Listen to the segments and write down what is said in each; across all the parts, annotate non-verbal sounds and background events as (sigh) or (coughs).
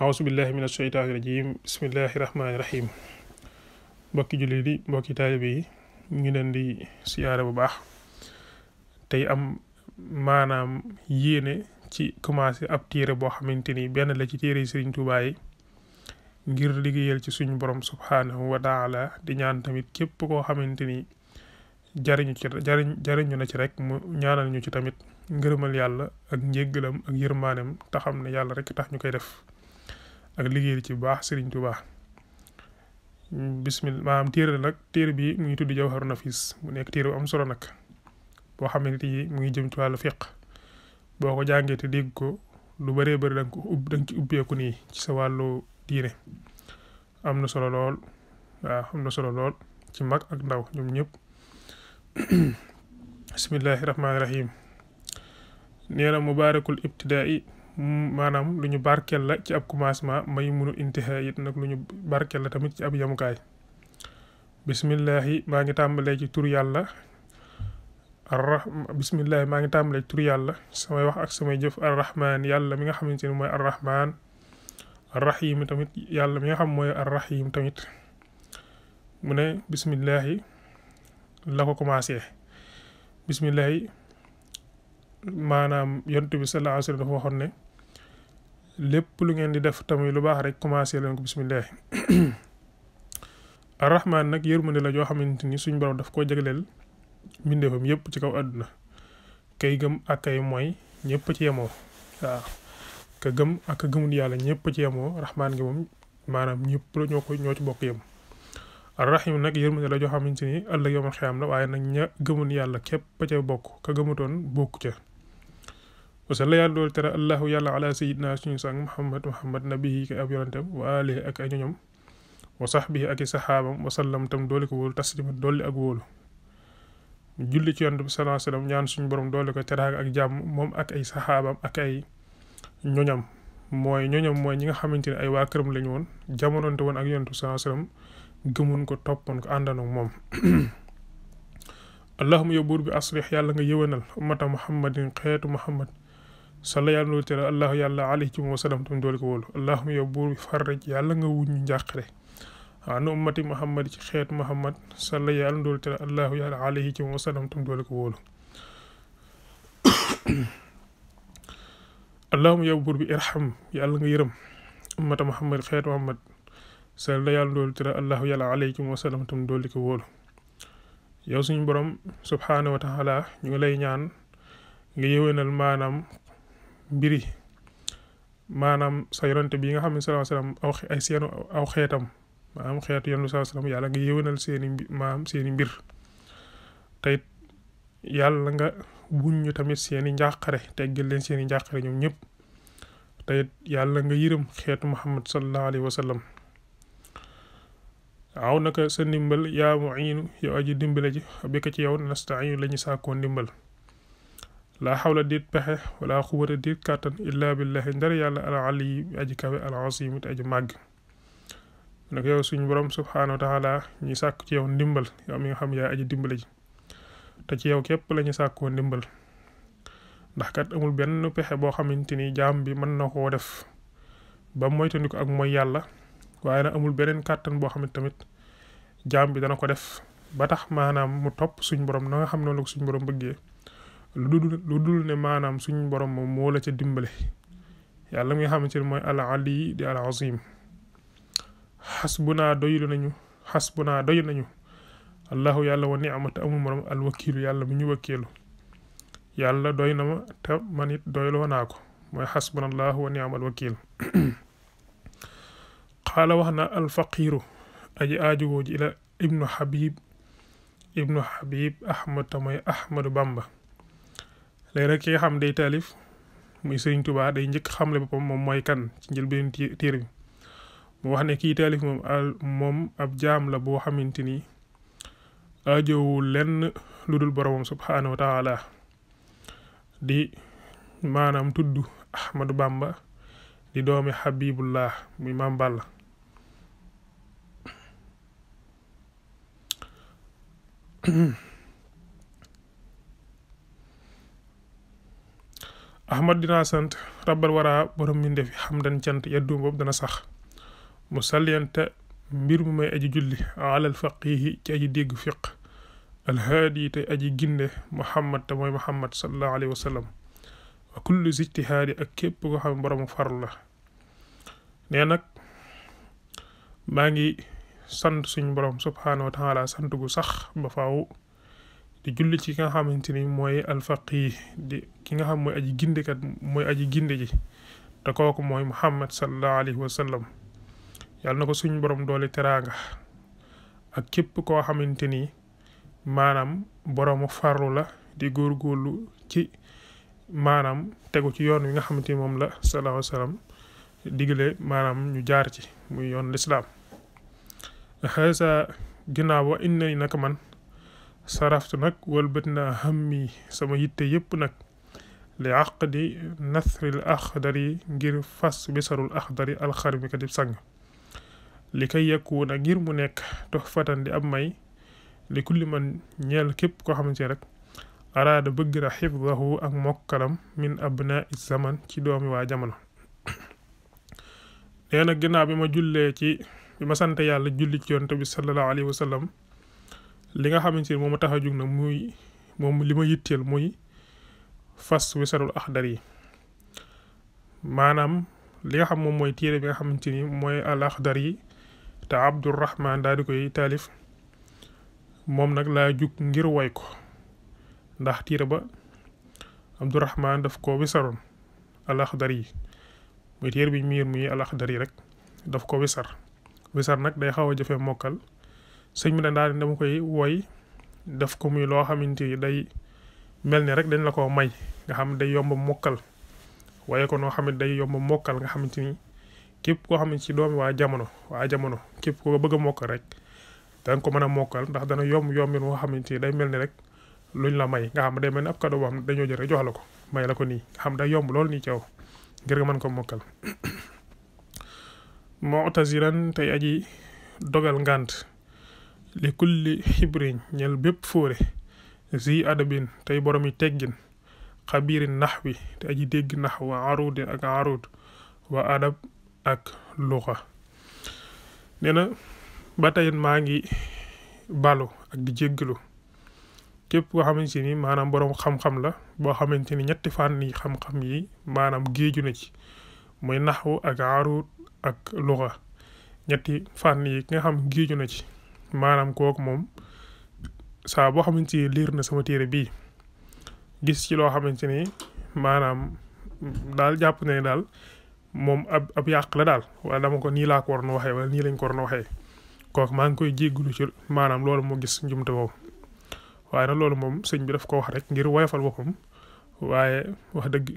aousubillahi min asheytaani rajim bismillahi rahmaani rahim mbokki jullit yi mbokki taalibe yi ñu leen di siyaare bu baax tey am maanaam yéene ci commencé ab téere boo xamante ni benn la ci téere yi Sëriñ Tuubaa yi ngir liggéeyal ci suñu borom subhaanahu wa taala di ñaan tamit képp koo xamante ni jariñu jariñ jariñu na ci rek mu ñaanal ci tamit mal yàlla ak njéggalam ak yërmaaneem te xam ne yàlla rek tax ñu koy def ak liggéey ci bu baax Serigne Touba bismillah maanaam téere nag téere bi mu ngi tudd Jawharu Nafis mu nekk téere bu am solo nag boo xamante ni mu ngi jëm ci wàllu fiq boo ko jàngee te dégg ko lu bëree bëri da nga ko ub ci ubbeeku nii ci sa wàllu diine am na solo lool waaw am na solo lool ci mag ak ndaw ñoom ñëpp (coughs) bismillahi rahmaani rahim nee na mubaarakul ibtidaai Mm, maanaam lu ñu barkeel la ci ab commencement may munul intihaa it nag lu ñu barkeel la tamit ci ab yamukaay bismillahi maa ngi tàmbalee ci tur yàlla arrahma bismillahi maa ngi tàmbalee tur yàlla samay wax ak samay jëf arrahman yàlla mi nga xamante ni mooy arrahman arrahim tamit yàlla mi nga xam mooy arrahim tamit mu ne bismillahi la ko commencé bismillahi maanaam yontu bi sallallahu alayhi wa sallam dafa ne lépp lu ngeen di def tamuy lu baax rek commencé leen ko bisimilah. (coughs) arrahman nag yërmande la joo xamante ni suñ borom daf koo jagleel mbindeefam yëpp ci kaw àdduna kay gëm ak kay mooy ñëpp ci yemoo waaw ka gëm ak ka yàlla ñëpp ci yemoo rahmaan gi moom maanaam ñëpp la ñoo ko ñoo ci bokk yem arrahim nag yërmande la joo xamante ni ëllëg yomal xiyaam la waaye nag ña gëmul yàlla képp ca bokk ka gëmutoon bokk ca wasalla yàlla doolu tere allahu yàlla ala sayidna suñu sang muhammad muhammad nabihi kay ab yoranteem wa alihi ak ay ñoñom wa sahbihi ak i saxaabam wasallam tam dooli ko wóolu taslima doolli ak wóolu julli ci yonent bi sallam ñaan suñu borom doole ko teraanga ak jàmm moom ak ay saxaabam ak ay ñoñam mooy ñoñam mooy ñi nga xamante ne ay waa këram lañu woon jamonoonte woon ak yonent bi sallam gëmoon ko toppoon ko àndandoo moom (clears throat) allahuma yow buur bi aslix yàlla nga yëwénal ummata muhammadin xeetu muhammad solo yàlla loolu teel allahu yàlla alayhi wa sallam tam doole ko wóolu allahuma yow buur bi farraj yàlla nga wuñ ñu njàqare an ummati muhammad ci xeet muhammad salla yàlla loolu allahu yàlla alayhi wa sallam tam doole ko wóolu (coughs) allahuma yow buur bi irham yàlla nga yërëm ummata muhammad xeet muhammad salla yàlla loolu teel allahu yàlla alayhi wa sallam tam doole ko wóolu yow suñu borom subhaanahu wa taala ñu ngi lay ñaan nga yëwénal maanaam mbir yi maanaam sa yonante bi nga xam ne sallallahu alayhi aw xeetam maanaam xeetu yonante sallallahu alayhi wasallam yàlla nga seeni maanaam seeni mbir te it yàlla nga wuñ ñu tamit seeni njàqare teggal leen seeni njàqare ñoom ñëpp te it yàlla nga yërëm xeetu muhammad sallallahu alayhi wasallam aw sa ndimbal yaa mu iinu yow aji dimbale ji bi ci yow nastainu la ñu sàkkoo ndimbal laa xawla déet pexe wala xuwata déet kàttan illaa billahi ndar yàlla al aliyi bi aji kawe al azim it aji màgg mu ne ko yow suñu borom subhaanahu wa taala ñi sàkk ci yow ndimbal yow mi nga xam yaa aji dimbale ji te ci yow képp la ñu ndimbal ndax kat amul benn pexe boo xamante ni jaam bi mën na ko def ba moytandiku ak mooy yàlla waaye na amul beneen kàttan boo xam ne tamit jaam bi dana ko def ba tax maanaam mu topp suñ borom na xam noonu la ko suñ borom bëggee lu dul lu ne maanaam suñu borom moom moo la dimbale yàlla mi nga xamante ne mooy al ali di al azim xasbunaa doylu nañu xasbunaa doy nañu allahu yàlla wa ni'mata amul morom al wakiilu yàlla mi ñu wakkeelu yàlla doy na ma te man it doyloo naa ko mooy xasbunallahu wa ni'ma al wakiil (clears throat) qaala wax na al faqiiru aji aajowoo ji ila ibnu xabib ibnu xabib ahmad te mooy ahmadu bamba léegi nag ki nga xam day taalif muy Serigne Touba day njëkk xamle boppam moom mooy kan ci njëlbeen téere bi mu wax ne kii taalif moom moom ab jaam la boo xamante ni aajowul lenn lu dul boromam subhaanahu wa taala di maanaam tudd Ahmadou Bamba di doomi Habibullah muy maam Balla (clears throat) ahmad dinaa sant rabbal waraa borom mbindéef yi xam dan cant yaddu boobu dana sax mu salliyante mbir mu may aji julli alal faqihi ci aji dégg fiq alhaadi tey aji ginde muhammad te mooy muhammad sallallahu alayhi wa wa kullu zijtihaadi ak képp ko xam boromu farlu maa ngi sant suñu borom subhaanahu wa taala sax ba di julli ci ki nga xamante ni mooy alfaqih di ki nga xam mooy aji gindekat mooy aji ginde ji te kooku mooy muhammad sallallahu alayhi wa sallam yàlla na ko suñ borom doole teraanga ak képp koo xamante ni maanaam boroomu farlu la di góorgóorlu ci maanaam tegu ci yoon wi nga xamante ni moom la sallallahu alayhi wa digle maanaam ñu jaar ci muy yoon lislaam xasa ginnaaw wa inna naka man saraftu nag walbët na xammi sama yitte yépp nag li aqdi nathril axdari ngir fas bisarul axdari alxarmi ka di li kay yakkuuna ngir mu nekk tox fatan di ab may li kulli man ñeel képp koo xamante rek araada bëgg na xifdahu ak mokkalam min abna zaman ci doomi waa jamono (coughs) nee na ginnaaw bi ma jullee ci bi ma sant yàlla julli ci yonte bi sallallahu alayhi wa li nga xamante ni moom ma tax a jug na muy moom lima ma yitteel muy fas wisarul axdar yi maanaam li nga xam moom mooy téere bi nga xamante ni mooy al axdar yi te Abdurahman daal di koy taalif moom nag laa jug ngir woy ko ndax téere ba Abdurahman daf ko wisaroon al axdar yi muy téere bi miir muy al axdar rek daf ko wisar wisar nag day xaw a jafe mokkal sëñ mi ne daal dama koy woy def ko muy loo xamante ni day mel ni rek dañ la ko may nga xam day yomb mokkal waaye ko noo xam ne day yomb mokkal nga xamante ni képp koo xam ne ci doomi waa jamono waa jamono képp ko bëgg mokkal rek dañ ko mën a mokkal ndax dana yomb yomb boo xamante ni day mel ni rek luñ la may nga xam day mel ni ab cadeau boo xam ne dañoo jël jox ko may la ko nii nga xam day yomb lool nii caw ngir nga mën ko mokkal (coughs) mu'taziran tey aji dogal ngànt li kulli xibrin ñel bépp fóore si adabin tey boromi teggin xabirin nax wi te aji dégg nax wa ak arud wa adab ak luxa nee na ba tey maa ngi balo ak di képp koo xamante ni maanaam boroom xam-xam la boo xamante ni ñetti fànn yi xam-xam yi maanaam géeju na ci mooy naxw ak arud ak luxa ñetti fànn yi ki nga xam géeju na ci maanaam kooku moom saa boo xamante ni liir na sama téere bii gis ci loo xamante ni maanaam daal jàpp na ne daal moom ab ab yàq la daal wala dama ko nii laa ko waroon waxee wala nii lañ ko waroon waxee kooku maa ngi koy jéggulu ci maanaam loolu moo gis njumte boobu waaye nag loolu moom sëñ bi daf ko wax rek ngir woyofal boppam waaye wax dëgg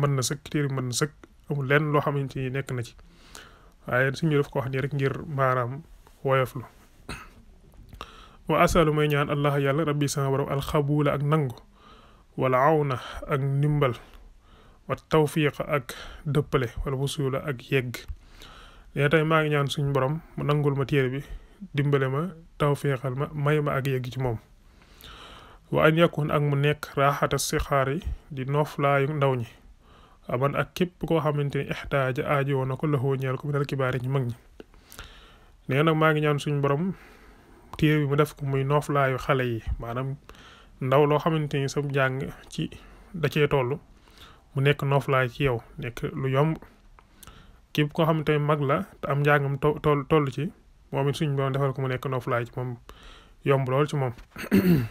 mën na sëkk téere mën na sëkk amul lenn loo xamante ni nekk na ci waaye sëñ bi daf ko wax nii rek ngir maanaam woyoflu wa asalu may ñaan allah yàlla rabbi sama borom alxabula ak nangu wala awna ak ndimbal wa tawfiqa ak dëppale wala wusula ak yegg yaa maa ngi ñaan suñu borom mu nangul ma téere bi dimbale ma tawfiqal ma may ma ak yegg ci moom wa an yakun ak mu nekk raaxata sixaar yi di laayu ndaw ñi aban ak képp koo xamante ni ixtaaja aajo woon na ko laxoo ñeel ko minal kibaari ñi mag ñi nee maa ngi ñaan suñu borom téere bi mu def ko muy nooflaayu xale yi maanaam ndaw loo xamante ni sam jàng ci da cee toll mu nekk nooflaay ci yow nekk lu yomb képp koo xamante ni mag la te am njàngam toll toll ci moom it suñ doon defal ko mu nekk nooflaay ci moom yomb lool ci moom (clears throat)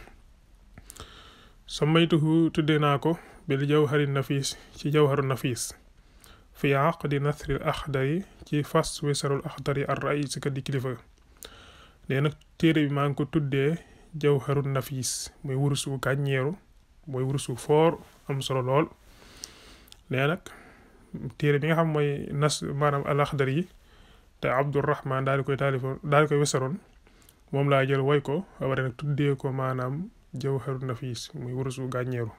sa maytuhu tuddee naa ko bil jawhari nafiis ci jawharu nafiis fi aqdi nasril axdari ci fas wisarul axdari ar raisi ka di kilifa léegi nag téere bi maa ngi ko tuddee jawharu nafis mooy wurusu kàññeeru mooy wurusu foor am solo lool léegi nag téere bi nga xam mooy nas maanaam alaxdar yi te abdourahman daal di koy taalifoon daal di koy wesaroon moom laa jël woy ko aware nag tuddee ko maanaam jawharu nafis muy wurusu gàññeeru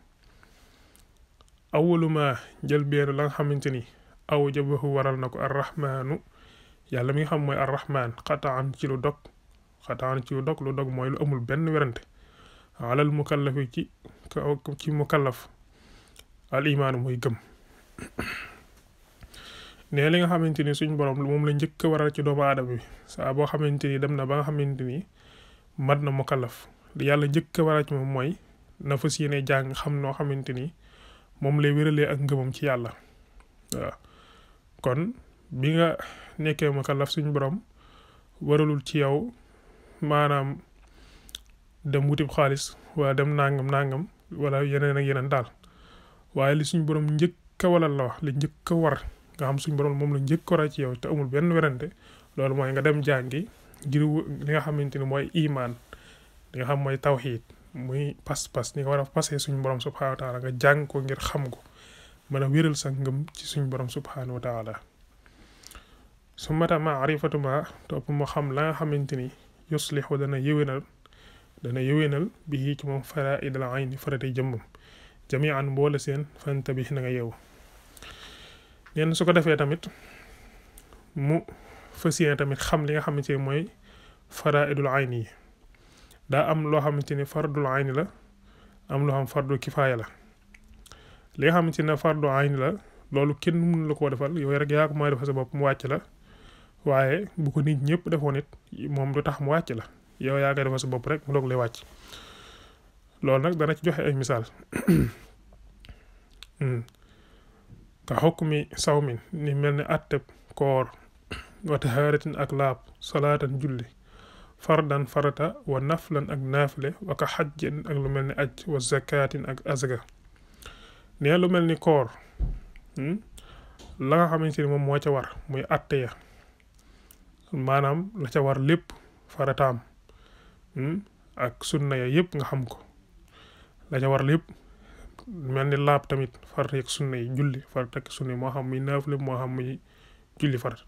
awalu ma jël benn la xamante ni aw jabahu waral na ko arrahmaanu yàlla mi nga xam mooy arrahman xataan ci lu dog xataan ci dog lu dog mooy lu amul benn werante alal mukallafi ci ci mukallaf al imaan mooy gëm nee li nga xamante ni suñ borom moom la njëkk a waral ci doomu aadama bi saa boo xamante ni dem na ba nga xamante ni mat na mu li yàlla njëkk a waral ci moom mooy na fas yéene jàng xam noo xamante ni moom lay wéralee ak ngëmam ci yàlla waaw kon bi nga nekkee mukallaf suñ borom waralul ci yow maanaam dem wutib xaalis wala dem nangam nangam wala yeneen ak yenan daal waaye li suñ borom njëkk a walal la li njëkk a war nga xam suñ borom moom la njëkk a war ci yow te amul benn werante loolu mooy nga dem jàngi ngir li nga xamante ni mooy imaan li nga xam mooy tawxiid muy pas-pas ni nga war a pasee suñu borom subhanahu wa nga jàng ko ngir xam ko mën a sa ngëm ci suñu borom subhanahu wa taala su mata maarifatu topp mu xam la nga xamante ni yuslixu dana yëwénal dana yëwénal bi ci moom fara idal ayni faratey jëmmam jamian mboole seen fanta bi na nga yeewu neen su ko defee tamit mu fas tamit xam li nga xamante ne mooy faraidul ayni yi daa am loo xamante ni fardul ayni la am loo xam fardu kifaaya la li nga xamante ne fardu ayni la loolu kenn mënu la koo defal yooyu rek yaa ko mooy defal sa bopp mu wàcc la waaye bu ko nit ñëpp defoon it moom du tax mu wàcc la yow yaa koy defal bopp rek mu doog lay wàcc loolu nag dana ci joxe ay misaal (coughs) hmm. ka saw sawmin ni mel ni atteb koor wa tahaaratin ak laab salaatan julli fardan farata wa naflan ak naafle wa ka ak lu mel ni aj wa zakaatin ak azaka nee lu mel ni koor hmm, la nga xamante moom moo ca war muy atte maanaam la war lépp farataam hmm, ak sunna ya yëpp nga xam ko la war lépp mel ni laab tamit farata ak sunna yi julli farata ak moo xam muy naafile moo xam muy julli farata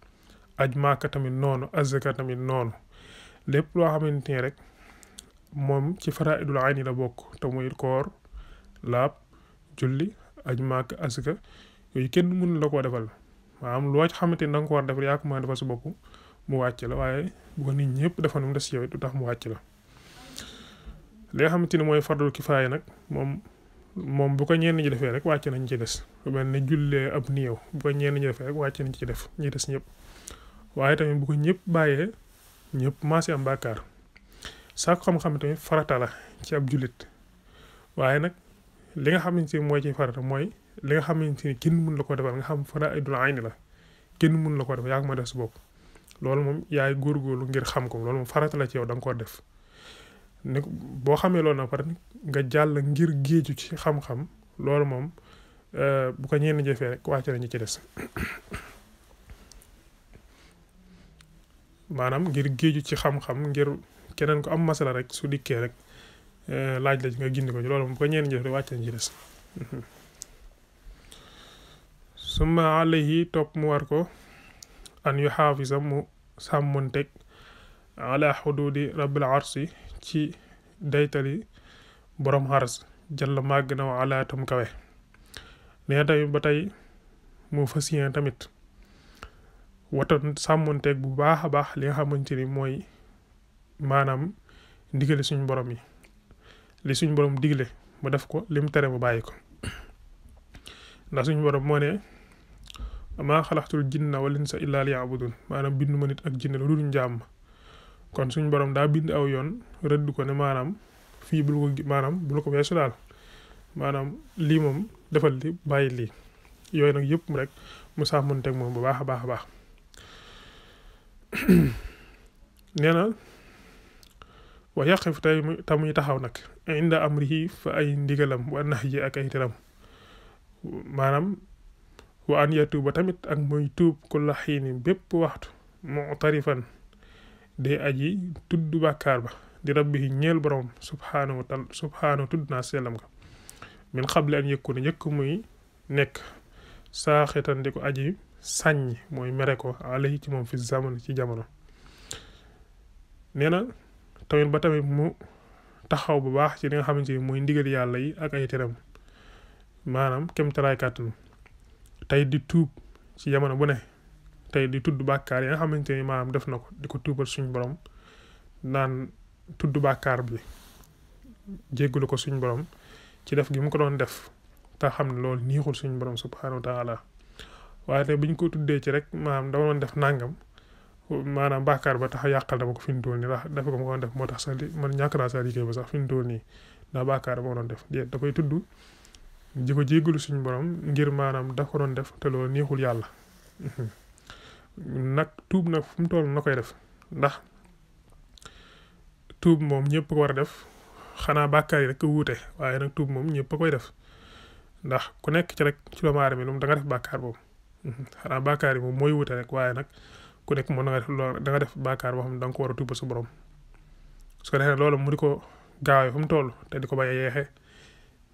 aj maaka tamit noonu azaka tamit noonu lépp loo xamante ni rek moom ci faraidul ayni la bokk te muy koor laab julli aj maaka azaka yooyu kenn mënu la koo defal maanaam loo ci xamante ni da nga ko war defal yaa ko defal sa bopp mu wàcc la waaye bu ko nit ñëpp defoon mu des yow it du tax mu wàcc la li nga xamante ni mooy fardul kifaaya nag moom moom bu ko ñenn ñi defee rek wàcc nañ ci des lu mel ne jullee ab néew bu ko ñenn ñi defee rek wàcc nañ ci def ñi des ñëpp waaye tamit bu ko ñëpp bàyyee ñëpp maasi am bàkkaar saako xam-xam tamit farata la ci ab jullit waaye nag li nga xamante ni mooy ci farata mooy li nga xamante ni kenn mun la ko defal nga xam fara ay dul ayni la kenn mun la ko def yaa ngi ma des bopp loolu moom yaay góorgóorlu ngir xam ko loolu moom farata la ci yow da nga koo def ni boo xamee loolu na pare nga jàll ngir géeju ci xam-xam loolu moom euh, bu ko ñenn jëfee rek wàcce nañu ci des maanaam ngir géeju ci xam ngir keneen ko am masala rek su dikkee rek euh, laaj la nga gindi ko ci loolu ko ñenn jëfee rek wàcce nañu des summa alayhi topp mu war ko an yu xaafisa mu sàmmonteeg ala xududi rabbil arsi ci daytali borom xaras jàll màgg na wa ala tam kawe nee tamit ba tay mu fas tamit watan sàmmonteeg bu baax a baax li nga xamante ni mooy maanaam digale suñ borom yi li suñ borom digle mu def ko lim tere mu bàyyi ko suñ borom moo maa xalaxtul jinna wal insa illaa liya'budun maanaam bindu ma nit ak jinne lu dul njaam kon suñu borom daa bind aw yoon rëdd ko ne maanaam fii bul ko maanaam ko weesu daal maanaam lii moom defal li bàyyi lii yooyu nag yëpp rek mu sàmmanteeg moom bu baax a baax a baax (clears throat) nee na wa yaqif taxaw nag inda ay ndigalam wa nahyi wa an ba tamit ak muy tuub ku la xiini bépp waxtu moo mutarifan day aji tudd bàkkaar ba di rabbihi ñeel borom subhaanahu wa taala subhaanahu tudd naa sellam ko min xable an yëkku ne njëkk muy nekk saaxitan di ko aji sàññ mooy mere ko ci moom fi zaman ci jamono nee na tamit ba tamit mu taxaw bu baax ci li nga xamante ni mooy ndigal yàlla yi ak ay teram maanaam kem tey di tuub ci jamono bu ne tey di tudd bàkkaar yi nga xamante ni maanaam def na ko di ko tuubal suñ borom naan tudd bàkkaar bi jéggalu ko suñ borom ci def gi mu ko doon def te xam ne loolu niixul suñ borom subhaanahu wa taala waaye te biñ ko tuddee ci rek maanaam dama doon def nàngam maanaam bàkkaar ba tax yàqal dama ko fi mu toll nii ndax dafa ko ma doon def tax sax di man ñàkk naa sax ba sax fi mu toll nii ndax bàkkaar ba ma doon def da koy tudd di ko jéggalu suñu borom ngir maanaam da ko doon def te loolu neexul yàlla nag tuub nag fu mu toll na koy def ndax tuub moom ñëpp ko def xanaa bàkkaar yi rek ko wuute waaye nag tuub moom ñëpp koy def ndax ku nekk ci rek ci doomu aadama moom da nga def bàkkaar boobu xanaa bàkkaar moom mooy wuute rek waaye nag ku nekk moom da nga def loolu da nga def bàkkaar boo xam ne da nga ko war a tuubal sa borom su ko defee loolu ko gaawee mu toll te di ko bañ a yeexee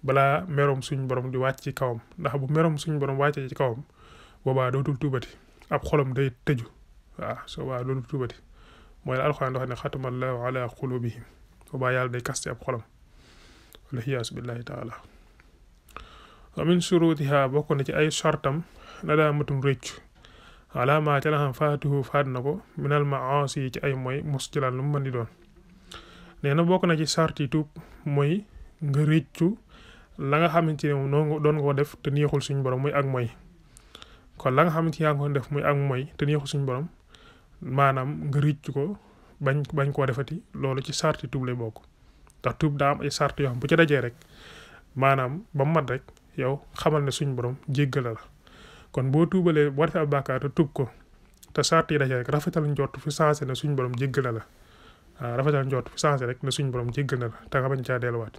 balaa meroom suñ borom di wàcc ci kawam ndax bu meroom suñ borom wàccee ci kawam boobaa dootul tuubati ab xolom day tëju waaw soo baa loolu tuubati mooy la alxuraan wax ne xatamallahu ala qulubihim boobaa yàlla day kaste ab xolam walxiyaasu billahi taala wa min surutiha bokk na ci ay sartam nadaamatum rëccu alama ca la xam faatuhu faat na ko minal maasi yi ci ay mooy mos ci laal lu mu di doon nee na bokk na ci sart yi tuub nga rëccu la nga xamante ne moom noonu doon nga ko def te neexul suñu borom muy ak mooy kon la nga xamante ne yaa def muy ak mooy te neexul suñu borom maanaam nga rëcc ko bañ bañ koo defati loolu ci sarti tuub lay bokk ndax tuub daa am ay sart yoo xam bu ci dajee rek maanaam ba mat rek yow xamal ne suñu borom jéggal la kon boo tuubalee boo defee ab bàkkaar te tuub ko te sart yi dajee rek rafetal njort fi sensé ne suñu borom jéggal la waaw rafetal njort fi sensé rek ne suñu borom jéggal la te nga bañ caa delluwaat.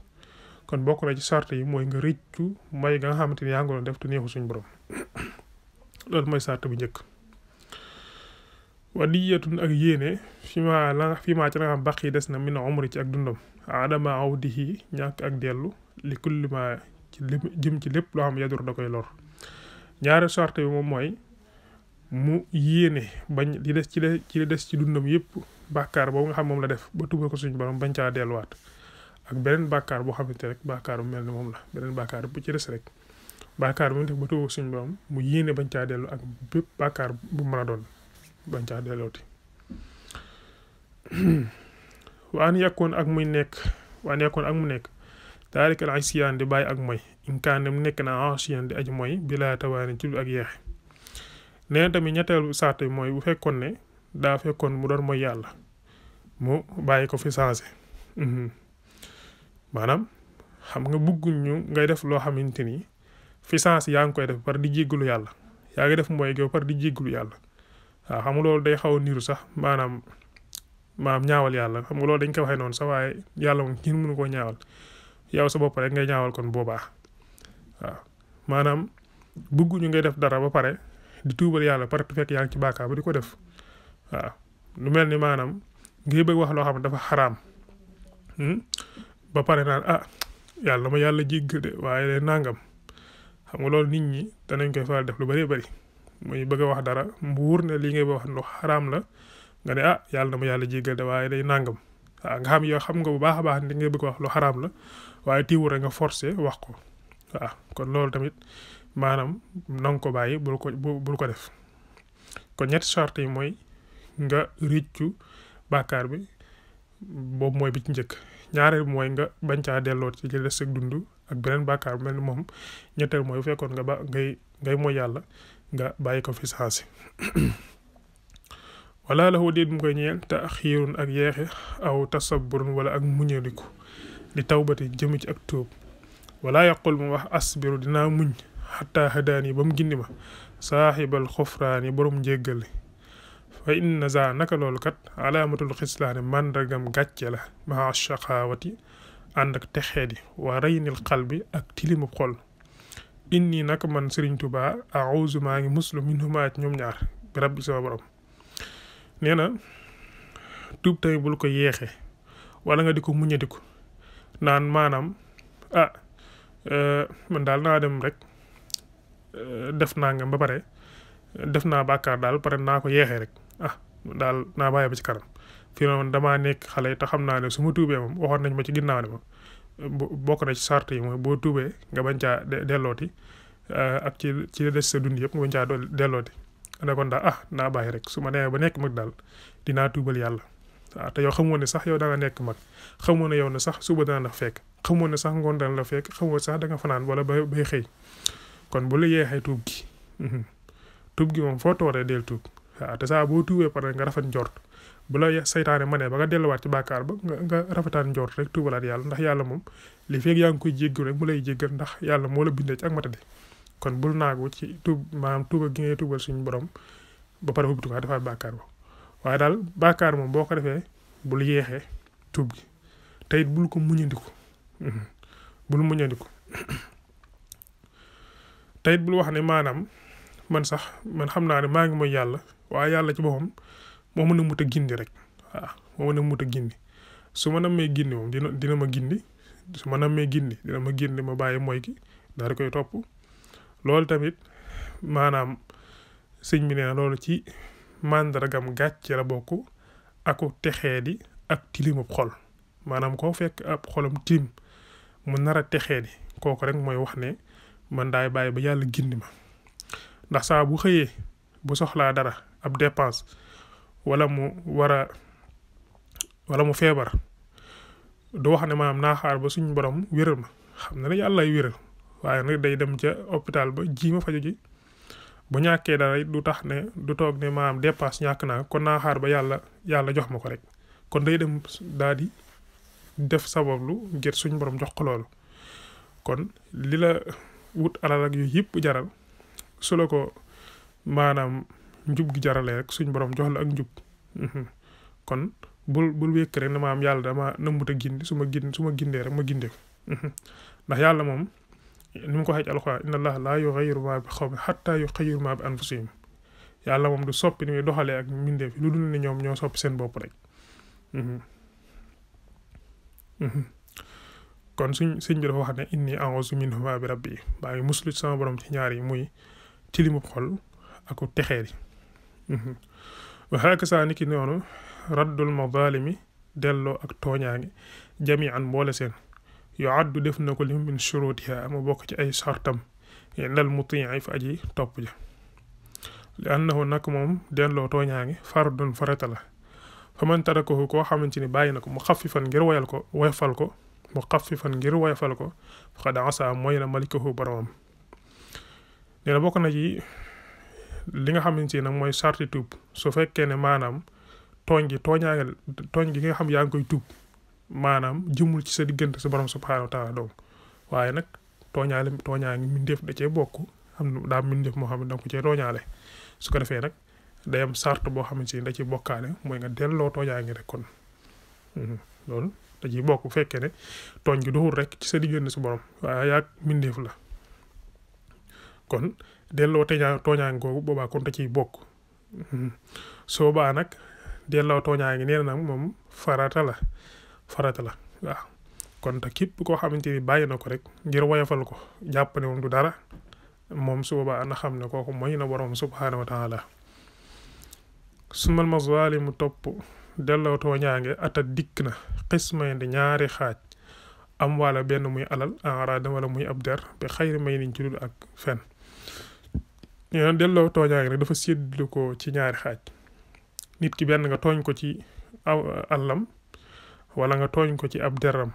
kon bokk na ci sart yi mooy nga rëccu may nga xamante ni yaa ngi doon def te neexu suñu borom (coughs) loolu mooy sart bu njëkk. wa niyatun ak yéene fi la fi ma la nga xam baq yi des na min umri ci ak dundam adama awdihi ñàkk ak dellu li kulli ma ci jëm ci lépp loo xam yadur da koy lor ñaari sart yi moom mooy mu yéene bañ di des ci li des ci dundam yëpp bàkkaar boobu nga xam moom la def ba tubal ko suñ borom bañ caa delluwaat. ak beneen bàkkaar boo xamante rek bàkkaar bu mel ne moom la beneen bàkkaar bu ci des rek bàkkaar bu mu def ba tëwoo suñ mu yéene bañ caa dellu ak bépp bàkkaar bu mën bañ caa dellooti waan yàkkoon ak muy nekk waan yàkkoon ak mu nekk taarik al asiyaan ak mooy inkaanam nekk na asiyaan di aji mooy bilaa tawaani ci ak yeexe neen tamit ñetteelu sart bi mooy bu fekkoon ne daa fekkoon mu doon mooy yàlla mu bàyyi ko fi changé mhm. maanaam xam nga bëgguñ ñu ngay def loo xamante ni fi sens yaa ngi koy def par di jéggalu yàlla yaa ngi def mooy gi di jéggalu yàlla waaw day xaw a niru sax maanaam maam ñaawal yàlla xam nga loolu dañ ko waxee noonu sax waaye yàlla moom mënu koo ñaawal yow sa ngay ñaawal kon boobaa waaw maanaam bëgguñu ngay def dara ba pare di tuubal yàlla par fekk yaa ngi ci bàkkaar ba di ko def waaw lu mel ni maanaam ngay bëgg wax loo xam ne dafa xaraam hmm? ba pare naan ah yàlla ma yàlla jéggal de waaye de nangam xam nga loolu nit ñi danañ koy faral def lu bëree bëri mooy bëgg a wax dara mbuur ne lii ngay wax lu xaraam la nga ne ah yàlla ma yàlla jéggal waaye day nangam waaw ah, nga xam yoo xam nga bu baax a baax li ngay bëgg wax lu xaraam la waaye tiiwu rek nga forcé wax ko ah, kon loolu tamit maanaam na ko bàyyi bul ko bul ko def kon ñetti yi mooy nga rëccu baakaar bi boobu mooy bi ci njëkk ñaareel mooy nga bañ caa ci li des ak dund ak beneen bàkkaar bu mel ni moom ñetteel mooy bu fekkoon nga ba ngay ngay mooy yàlla nga bàyyi ko fi saasi (clears throat) wala lahu déet mu koy ñeel te xiirun ak yeexe aw tasaburun wala ak muñaliku li tawbati jëmm ci ak tuub walaa yaqul mu wax asbiru dinaa muñ xataa hadaani ba mu gindi ma saaxibal xofraani borom njéggal wa inna za naka loolu kat alaamatul xislaani màndargam gàcce la maa shaqaawati ànd ak texee di waa reynil xalbi ak tilimu xol inni naka man Serigne Touba aouzu maa ngi muslu minhuma ci ñoom ñaar bi rabbi sama borom nee na tuub bul ko yeexee wala nga di ko muññadiku naan maanaam ah eh, man daal naa dem rek eh, def naa nga ba pare def naa bàkkaar daal pare naa ko yeexee rek daal naa bàyyi ba ci kanam fii noonu damaa nekk xale ta xam naa ne su ma tuubee moom waxoon nañ ma ci ginnaaw ne ma bokk na ci sart yi mooy boo tuubee nga bañ caa dellooti eh, ak ci ci des sa yëpp nga bañ caa dellooti ne kon daal ah, naa bàyyi rek su ma demee ba nekk mag daal dinaa tuubal yàlla waaw te yow xamoon ne sax yow da nekk mag xamoon ne yow ne sax suba dana la fekk xamoon ne sax ngoon dana la fekk xamoon sax da nga fanaan wala ba bay xëy kon bu lu yeexee tuub gi (laughs) tuub gi moom foo tooree del tuub waaw te a boo tuubee pare nga rafet njort bu la saytaane ma ne ba nga delluwaat ci bàkkaar ba nga nga rafetaan njort rek tuubalaat yàlla ndax yàlla moom li feeg yaa ngi koy jéggal rek mu lay jéggal ndax yàlla moo la bindee ci ak matadi kon bul naagu ci tuub maanaam tuuba tuubal suñu borom ba pare ubbitu ko defaat waaye daal bàkkaar moom boo ko defee bul yeexee tuub gi te bul ko muñandiku mhm. bul muñandiku te bul wax ne maanaam man sax man xam naa ne maa ngi mooy yàlla waaye yàlla ci boppam moo mën a mut a gindi rek waaw moo mut a su ma nammee gindi moom dina dina ma gindi su ma nammee gindi ma gindi ma bàyyi mooy ki koy topp loolu tamit maanaam sëñ bi nee na loolu ci màndargam gàcce la bokk aku texee ak tilimub xol maanaam koo fekk ab xolam tilim mu nara a texee di kooku rek mooy wax ne man daay bàyyi ba yàlla gindi ma ndax saa bu xëyee bu soxlaa dara ab dépense wala mu war a wala mu feebar du wax ne maanaam naa xaar ba suñu borom wéral ma xam na ne yàlla lay wéral waaye na day dem ca hôpital ba ji ma fajo ji bu ñàkkee dara du tax ne du toog ne maanaam dépense ñàkk naa kon naa xaar ba yàlla yàlla jox ma ko rek kon day dem daal di def sabablu ngir suñu borom jox ko loolu kon lila la wut alal ak yu jaral su ko maanaam njub gi jaralee rek suñ borom jox la ak njub mhm. kon bul bul wékk rek ne maam yàlla dama nëmbut a gindi su ma gin su ma gindee rek ma gindee ko mhm. ndax yàlla moom ni mu ko xeej alxuraan inna allaha laa yuxayyiru maa bi xawmin xattaa yuxayyiru maa bi anfusihim yàlla moom du soppi ni muy doxalee ak mbindeef lu dul ne ñoom ñoo soppi seen bopp rek mhm. kon suñ sëñ bi dafa yi ne inni a'uuzu sama borom ci ñaar yi muy tilimub xol aku texeeri Mm-hmm. wa hakasaa ni ki noonu raddul mazalimi delloo ak tooñaange jami an mboole seen yu addu def na ko li min shurutiha mu bokk ci ay sartam ndal mutii fa aji topp ja li annahu nag moom delloo tooñaange fardun farata la fa man tarakahu koo xamante ni bàyyi na ko mu xafifan ngir woyal ko woyfal ko mu xafifan ngir woyfal ko faqad asa mooy na malikahu boromam nee na bokk li nga xamante nag mooy sarti tuub su fekkee ne maanaam tooñ gi tooñaa tooñ gi nga xam yaa ngi koy tuub maanaam jumul ci sa diggante sa borom subhaanahu wa taala waaye nag tooñaale tooñaa ngi mbindeef da cee bokk am daa mbindeef moo xam ne da nga cee tooñaale su ko defee nag day am sart boo xamante ni da ciy bokkaale mooy nga delloo tooñaa ngi rek kon mhm, loolu da ciy bokku bu fekkee ne tooñ gi duxul rek ci sa diggante sa borom waaye yaag mbindeef la kon delloo teñaa tooñaangi googu boobaa kon da ciy bokk mm-hmm. soo baa nag delloo tooñaangi nee nag moom farata la farata la waaw kon te képp koo xamante ni bàyyi na ko rek ngir woyofal ko jàpp ne du dara moom su boobaa na xam ne kooku moy na borom subhaanahu wa taala sumal mazalimu topp delloo tooñaange ata dikk na xismay di ñaari xaaj am wala benn muy alal en rade wala muy ab der bi xayri may niñ ci dul ak fen nee na delloo tooñaay rek dafa séddlu ko ci ñaari xaaj nit ki benn nga tooñ ko ci aw alalam wala nga tooñ ko ci ab deram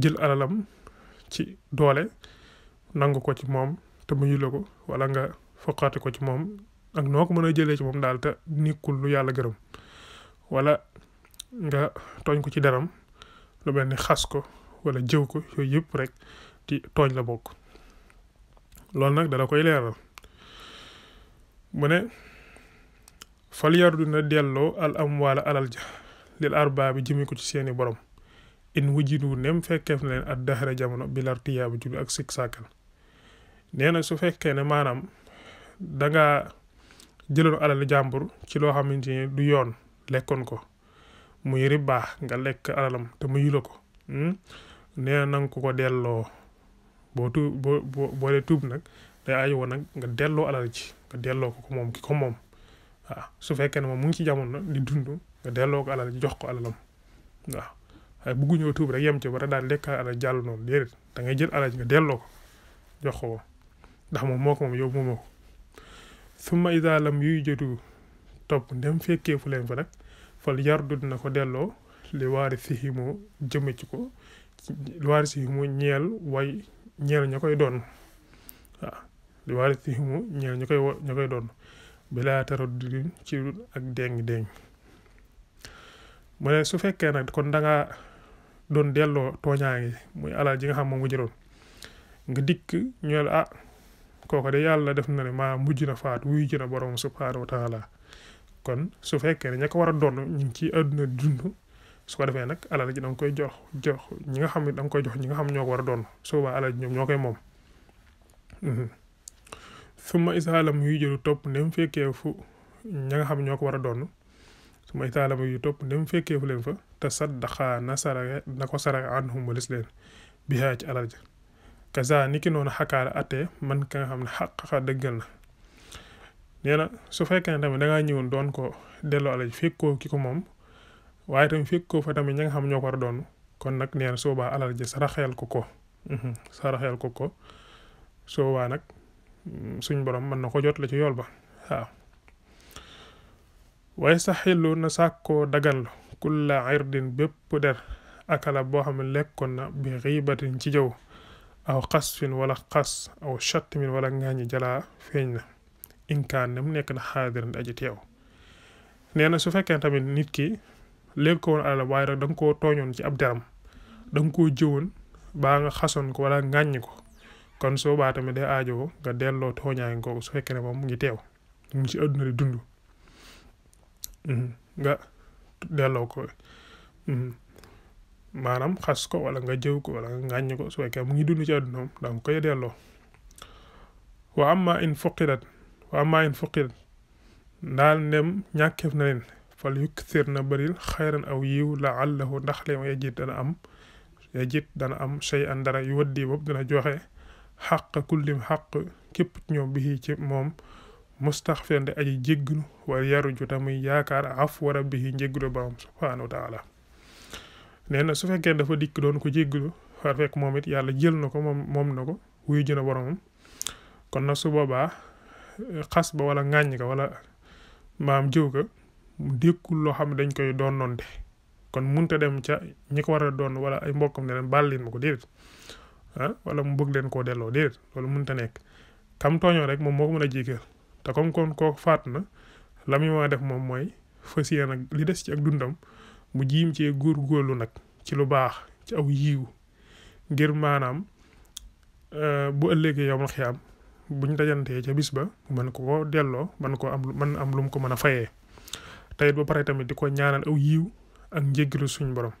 jël alalam ci doole nangu ko ci moom te mu la ko wala nga foqaate ko ci moom ak noo ko mën a jëlee ci moom daal te nekkul lu yàlla gërëm walla nga tooñ ko ci deram lu mel ni xas ko wala jëw ko yooyu yëpp rek ci tooñ la bokk loolu nag dala koy leeral mu ne fal yardu na delloo al am amwaala alal ja lil arbaa bi jëmee ko ci seeni borom in wujinu nem fekkeef na leen at daxara jamono bi lartiyaa bi julu ak sik sàkkal nee na su fekkee ne maanaam danga jëloon alal jàmbur ci loo xamante ni du yoon lekkoon ko muy ribaa nga lekk alalam te muyu la ko hmm? nee na nga ko ko delloo boo tu boo boo nag day nag nga delloo alal ci nga delloo ko ko moom ki moom waaw su fekkee ne moom mu ngi ci jamono di dund nga delloo jox ko alalam waaw rek yem ci war daal lekkaale alal jàll da ngay jël alal ji nga delloo ko jox ko ndax moom moo ko moom yow moomoo ko summa idaa lam yuy jotu topp ndem fekkee fu leen fa nag fal yardud na ko delloo li waari sihi moo jëme ci ko li waari sihi moo ñeel way ñeel ña koy doon waaw li waarisihimu ñeel ñu koy ñoo koy doon laa bilaa taraddudin ci ak déng-déng mu ne su fekkee nag kon danga doon delloo tooñaange muy alal ji nga xam moom nga jëloon nga dikk ñeel ah kooku de yàlla def na ne maa mujj na faat wuy ji na borom subhaanahu wa taala kon su fekkee ne ña ko war a doon ñu ciy àdduna dund su defee nag alal ji da nga koy jox jox ñi nga xam ne da nga koy ñi nga xam ñoo ko war a doon su boobaa alal ñoom ñoo koy moom suma isaalam yu jëlu topp ndem fekkee fu ña xam ñoo ko war a doon suma isaalam yu topp ndem fekkee fu leen fa te saddaxaa na na ko sara anhum walis leen ci alal ja ni ki noonu xakaar man ka nga xam ne xaq nee na su fekkee ne tamit da ngaa ñëwoon doon ko delloo alal fekkoo ki ko moom waaye tamit fekkoo fa tamit ña nga xam ñoo war a doon kon nag nee soobaa alal ji saraxeel ko ko mhm, saraxeel ko ko soobaa nag Mm, suñ borom mën na ko jot la ci yool ba waaw sax saxillu na sàkkoo dagan la kulla irdin bépp der akala boo xam lekkoon na bi xiibatin ci jaw aw xasfin wala xas aw chatmin wala ngaañi jalaa feeñ na inkan ne mu nekk na xaadiran aji teew nee na su fekkee tamit nit ki lekk ko woon alal koo tooñoon ci ab deram da nga koo jëwoon baa nga xasoon ko wala ngaañi ko kon soobaa tamit day aajowoo nga delloo tooñaa nga kooku su fekkee ne moom ngi teew mu ngi si adduna di dund mhm. nga delloo ko mhm. maanaam xas ko wala nga jëw ko wala nga ŋàññ ko su fekkee mu ngi dund ci adduna da koy delloo wa amma in fuqidat wa amma in fuqidat ndaal ndem ñàkkeef na leen fal yukthir na bëril xayran aw yiw la allahu ndax leen yajid dana am yajid dana am shay an dara yu waddi bopp dana joxe xaq kullim xaq képp ci ñoom bi ci moom mustaxfiran di aji jégglu wala yaruju te muy yaakaar af war a bii ba am subhaanahu wa taala nee na su fekkee dafa dikk doon ko jégglu war fekk moom it yàlla jël na ko moom moom na ko wuyu jën a kon nag su boobaa xas ba wala ŋàññ ka wala maam jëw ka mu dékkul loo xam ne dañ koy doon noonte kon mun ta dem ca ñi ko war a doon wala ay mbokkam ne leen bàllin ko déedéet ah mu bëgg leen koo delloo déedéet loolu mënta nekk kam tooñoo rek moom moo ko mën a jiikeel te comme kon koo faat na la muy def moom mooy fas yéene nag li des ci ak dundam mu jiim ci góor góorlu nag ci lu baax ci aw yiiw ngir maanaam euh, bu ëllëgee yow ma xiyaam buñ dajantee ca bis ba mën ko ko delloo mën ko am mën am lu mu ko mën a fayee tayit ba paree tamit di ko ñaanal aw yiiw ak njéggalu suñ borom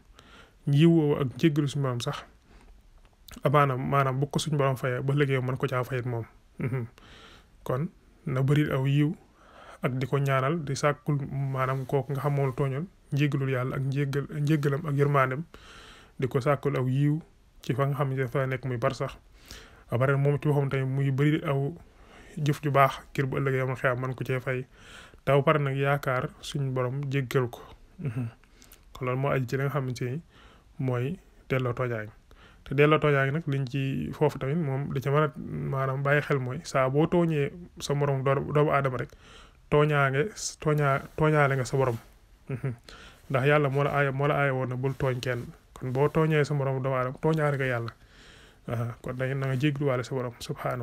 yiiw ak njéggalu suñ borom sax amaana maanaam bu ko suñ borom fayee ba liggéey mën ko caa fayit moom mhm. kon na bari aw yiw ak di ko ñaanal di sàkkul maanaam kook nga xam moom la tooñoon njéggalul yàlla ak njéggal njéggalam ak yërmaandem di ko sàkkul aw yiw ci fa nga xam ne fa nekk muy bar sax après moom ci waxam tamit muy bëri aw jëf ju baax ngir bu ëllëgee yomal xeex mën ko cee fay taw pare nag yaakaar suñ borom jéggal ko mhm. kon loolu moo aji ci li mooy delloo toojaay te delloo tooñaa gi nag liñ ci foofu tamit moom li ca mën a maanaam xel mooy saa boo tooñee sa morom doomu aadama rek tooñaa nga tooñaa tooñaale nga sa borom mhm. ndax yàlla moo la aay moo la woon na bul tooñ kenn kon boo tooñee sa morom doomu aadama tooñaale nga yàlla kon da nga jégaluwaale sa borom subhaana